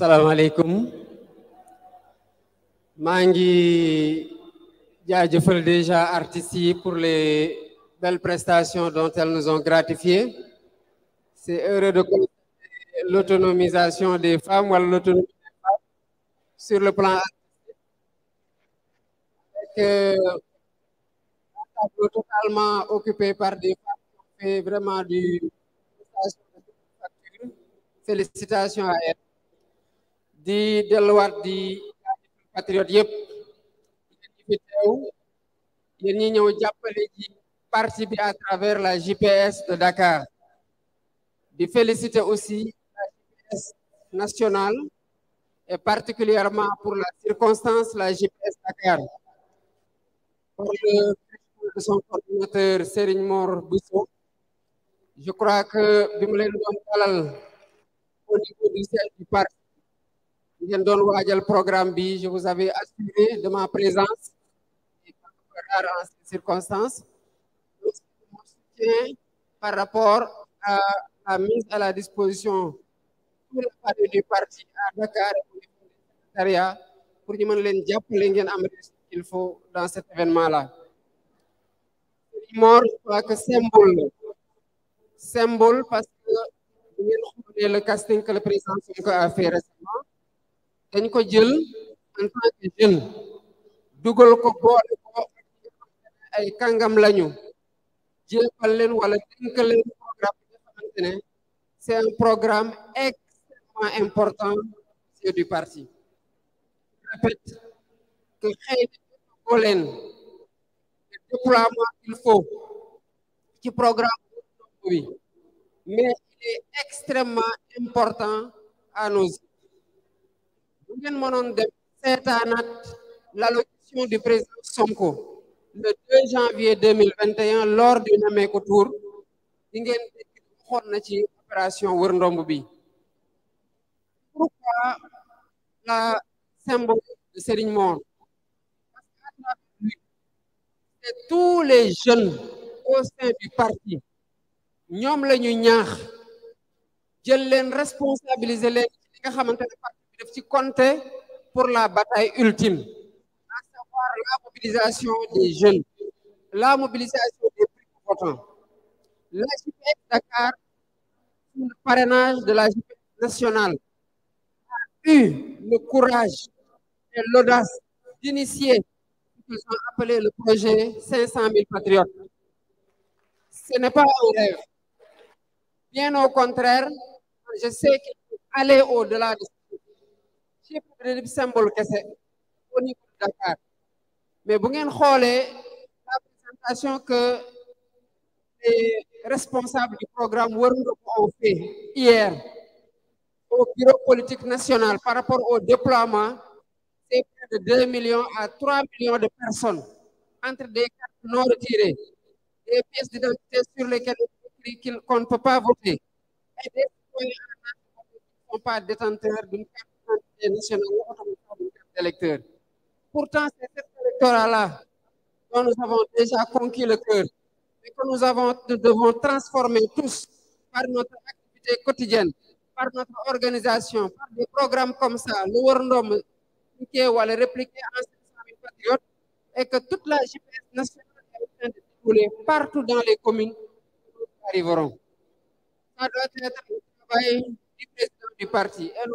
alaikum. Mangi, Mangi jaajëfal déjà artistes pour les belles prestations dont elles nous ont gratifiées. c'est heureux de constater l'autonomisation des femmes ou l'autonomie des femmes sur le plan artistique On euh, un tableau totalement occupé par des femmes fait vraiment du Félicitations à elles di delluwaat di patriote yëpp yéen ñi fi teew yéen ñëw parti à travers la GPS de Dakar di féliciter aussi la GPS nationale et particulièrement pour la circonstance la GPS Dakar pour le de son coordinateur Serigne Mor Je crois que bi mu leen doon dalal au niveau du ngeen doon waajal programme bi je vous avais assuré de ma présence et rare en ces circonstances mon soutien par rapport à la mise à la disposition de du parti à Dakar secrétariat pour ñu mën leen le qu'il faut dans cet événement là ne je crois que symbole symbole parce que le casting que le président a fait récemment dañ ko jël en tant que jeune dugal ko boole ko ay kàngam lañu jébbal leen wala dénk leen programme bi nga xamante ne c'est un programme extrêmement important c'est du parti je répète que xëy na ko leen le déploiement il faut ci programme bi mais il est extrêmement important à nos bu ngeen de dem la l'allocution du président Sonko le 2 janvier 2021 lors du Nameko Tour di opération ndomb bi pourquoi la symbole de Serigne Mor c'est tous les jeunes au sein du parti Nous, les ñu ñaax jël leen responsabiliser de compter pour la bataille ultime à savoir la mobilisation des jeunes la mobilisation des plus importants. la de Dakar sous le parrainage de la JPS nationale a eu le courage et l'audace d'initier ce qu'ils ont appelé le projet 500 000 patriotes ce n'est pas un rêve bien au contraire je sais qu'il faut aller au-delà de c'est le symbole c'est au niveau de Dakar mais vous voyez, la présentation que les responsables du programme World ont fait hier au bureau politique national par rapport au déploiement c'est de 2 millions à 3 millions de personnes entre des cartes non retirées des pièces d'identité sur lesquelles on qu'on ne peut pas voter et des citoyens qui ne sont pas détenteurs d'une carte nationale, Pourtant, c'est cet électorat-là dont nous avons déjà conquis le cœur et que nous, avons, devons transformer tous par notre activité quotidienne, par notre organisation, par des programmes comme ça, le est ou à le répliquer en 500 patriotes, et que toute la GPS nationale est en train de dérouler partout dans les communes où nous arriverons. Ça doit être le travail du président du parti. Et nous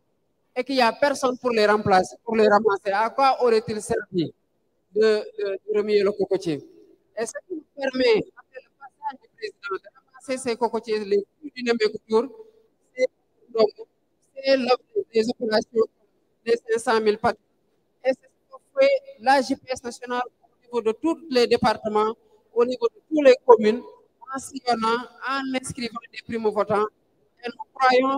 qu'il n'y a personne pour les remplacer, pour les ramasser, à quoi aurait-il servi de, remuer le cocotier Et ce qui nous permet, après le passage du président, de ramasser ces cocotiers les plus d'une autour, c'est l'objet des opérations des 500 000 patrons. Et c'est ce que fait la GPS nationale au niveau de tous les départements, au niveau de toutes les communes, en sillonnant, en inscrivant des primo-votants. Et nous croyons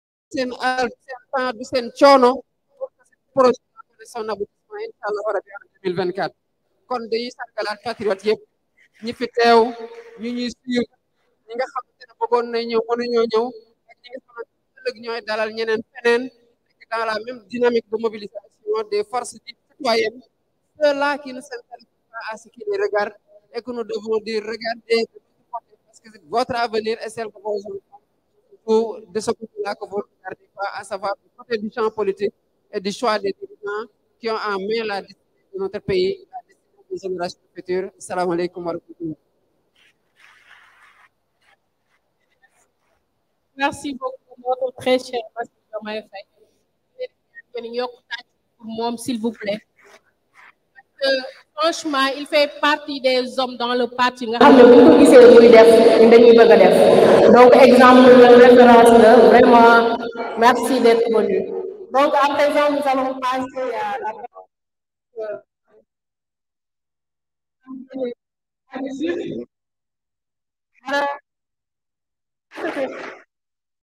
seen al seen temps du seen coono pour que seen projet bi son aboutissement incha allah rabi en 2024 kon dañuy sargalaat patriote yëpp ñi fi teew ñu ñuy suivre ñi nga xamante ne bëggoon na ñëw mënuñoo ñëw ak ñi nga xamante ne ëllëg ñooy dalal ñeneen feneen nekk dans la même dynamique de mobilisation des forces citoyennes ceux-là qui ne s'intéressent pas à ce qui les regarde et que nous devons dire regardez parce que votre avenir est celle de vos enfants autour de ce côté-là que vous regardez pas, à savoir du côté du champ politique et du choix des dirigeants qui ont en main la décision de notre pays, la décision des générations futures. Salam alaikum wa rahmatullah. Merci beaucoup, notre très cher Master Faye. S'il vous plaît. Parce que franchement il fait partie des hommes dans le parti Ah, le donc exemple de référence vraiment merci d'être venu donc à présent nous allons passer à la parole.